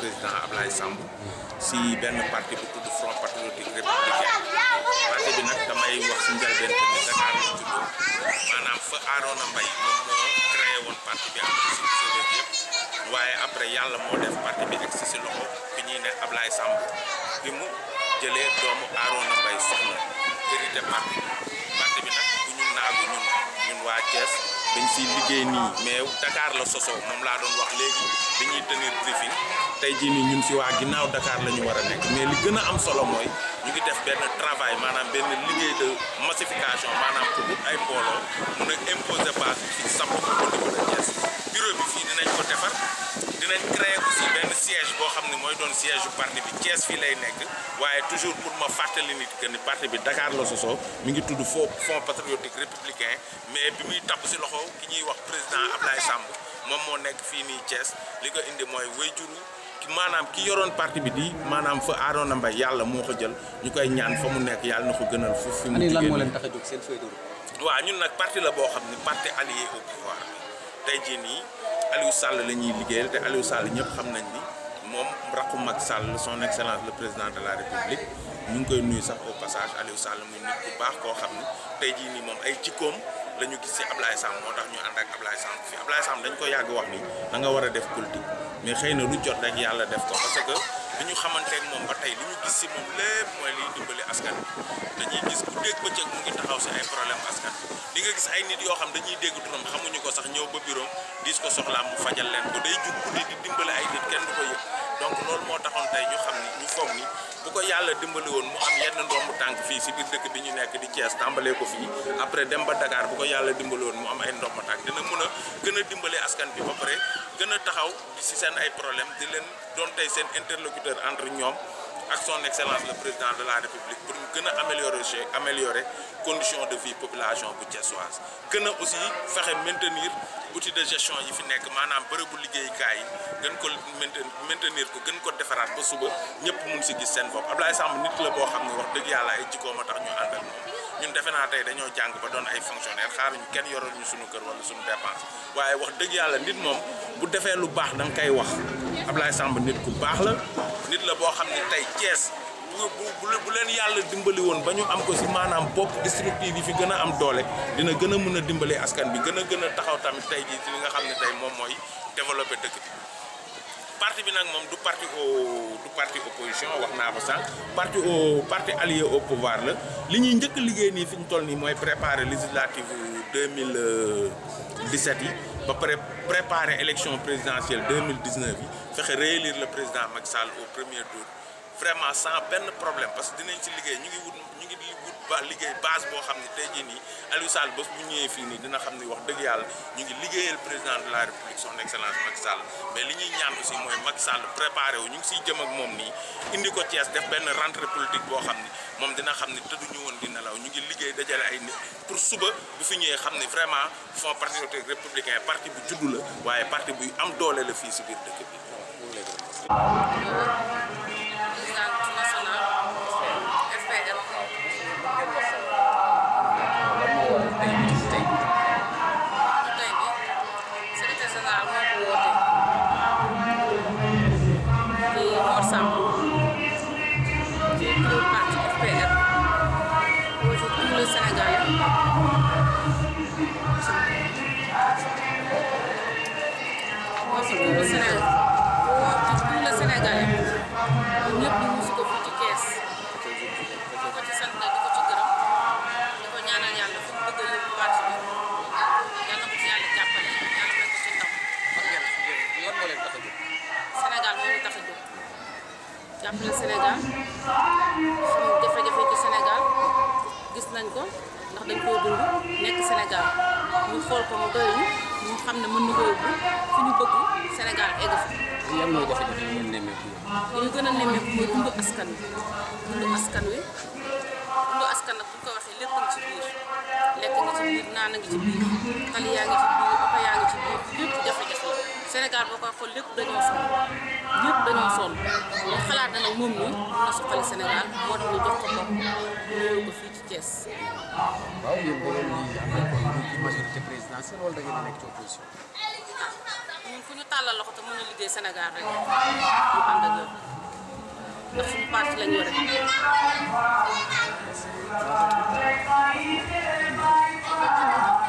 président Ablaye Samb si benn parti bu tudd Front Patriotique Républicain parti bi nag damay wax si njëlbeen bi la tudd maanaam fa Arona Mbaye moom moo woon parti bi am na waaye après yàlla moo def parti bi egg si si loxo bi ñuy ne Ablaye Samb bi mu jëlee doomu Arona Mbaye soxna hérité parti bi parti bi nag bu ñu naagu ñun ñun waa Thiès dañ ci liggéey nii mais Dakar la sosoo moom laa doon wax léegi ñuy tenir briefing tey jii nii ñun si waa ginnaaw Dakar la ñu war a nekk mais li gën a am solo mooy ñu ngi def benn travail maanaam benn liggéey de massification maanaam pour ay mbooloo mun a imposer base bi fii samp ko di ko bureau bi fii dinañ ko defar dinañ créer aussi benn siège boo xam ne mooy doon siège yu parti bi Thiès fii lay nekk waaye toujours pour ma fàttali nit que ni parti bi Dakar la sosoo mu ngi tudd foo Fonds patriotique républicain mais bi muy tabb si loxo ki ñuy wax président Ablaye Samb moom moo nekk fii nii Thiès li ko indi mooy wéyjuru maanaam ki yoroon parti bi di maanaam fa Arona mbay yàlla moo ko jël ñu koy ñaan fa mu nekk yàlla na ko gënal fu fi mu jigéen lan ñun nag parti la boo xam ne parti allié au pouvoir tey jii nii Aliou Sall la ñuy liggéeyal te Aliou Sall ñëpp xam nañ ni moom rakku Macky Sall son excellence le président de la république ñu ngi koy nuyu sax au passage Aliou Sall muy nit bu baax koo xam ne tey jii nii moom ay jikkoom dañu gis si Ablaye Samb moo tax ñu ànd ak Ablaye Samb fi Ablaye dañ ko yàgg wax ni da nga war a def politique mais xëy na lu jot rek yàlla def ko parce que li ñu moom ba tey li ñu gis si moom lépp mooy liy dimbali askan bi dañuy gis ku dégg bëccëg mu ngi taxaw si ay problème askan di nga gis ay nit yoo xam dañuy dégg turam xamuñu ko sax ñëw ba bureau diis ko soxlaam mu fajal leen ko day jug guddi di dimbali ay nit kenn du ko yëg donc loolu moo taxoon tey ñu xam ni bu ko yàlla dimbali woon mu am yenn ndombu tànk fii si biir dëkk bi ñu nekk di Thiès tàmbalee ko fii après dem ba Dakar bu ko yàlla dimbali woon mu am ay ndombu tànk dina mën a gën a dimbali askan bi ba pare gën a taxaw si seen ay problème di leen doon tey seen interlocuteur entre ñoom ak son excellence le président de la république pour ñu gën a améliorer améliorer condition de vie population bu Thiessoise gën a aussi fexe maintenir outil de gestion yi fi nekk maanaam bërëbu liggéeykaay yi gën ko maintenir ko gën ko defaraat ba suba mu mun si gis seen bopp Ablaye Samb nit la boo xam ne wax dëgg yàlla ay jikoom a tax ñu àndal moom ñun defe naa tey dañoo jàng ba doon ay fonctionnaire xaaruñu kenn yoroon ñu suñu kër wala suñu dépense waaye wax dëgg yàlla nit moom bu defee lu baax da nga koy wax Ablaye sàmb nit ku baax la nit la boo xam ne tey Thiès bu bu leen yàlla dimbali woon ba ñu am ko si maanaam bopp districtive yi fi gën a am doole dina gën a mën a dimbali askan bi gën a gën a taxaw tamit tey jii ci li nga xam ne tey moom mooy développé dëkk parti bi nag moom du parti au du parti opposition wax naa ba sànq parti au parti allié au pouvoir la li ñuy njëkk liggéey nii fi ñu toll nii mooy préparer législative 2017 yi ba pare préparer élection présidentielle 2019 yi fexe réélire le président Macky Sall au premier tour vraiment sans benn problème parce que dinañ ci liggéey ñu ngi wut ñu ngi ba liggéey base boo xam ne tey jii nii Aliou Sall bés bu ñëwee fii nii dina xam ne wax dëgg yàlla ñu ngi liggéeyal président de la république son excellence Macky Sall mais li ñuy ñaan aussi mooy Macky Sall préparé wu ñu ngi siy jëm ak moom nii indi ko Thiès def benn rentre politique boo xam ni moom dina xam ne tëdduñu woon di nelaw ñu ngi liggéey dajale ay nit pour suba bu fi ñëwee xam ne vraiment Fonds patriotique républicain parti bu juddu la waaye parti bu am doole la fii si biir dëkk bi. pour le Sénégal di ko ci sant nag di mu bëgg yëpp ko ci gis nañ ko ndax dañ koo nekk Sénégal ñu xool ko mu doy ñu ñu xam ne mën na ko yóbbu fu ñu bëgg Sénégal egg fa. yan mooy jafe-jafe yi ngeen nemmeeku. gën a nemmeeku mooy dundu askan wi dundu askan wi dundu askan nag bu ko waxee lépp ci biir lekk nga ci biir naan nga ci biir tali yaa ngi ci biir oto ci biir lépp Sénégal boo koy xool lépp dañoo sonn ñëpp dañoo sonn ñu xalaat na nag moom ñu na suqali Sénégal moo tax ñu jox tàllal loxo te mën a liggéey Sénégal rek ñu ànd ndax suñu parti la ñu rek. Merci.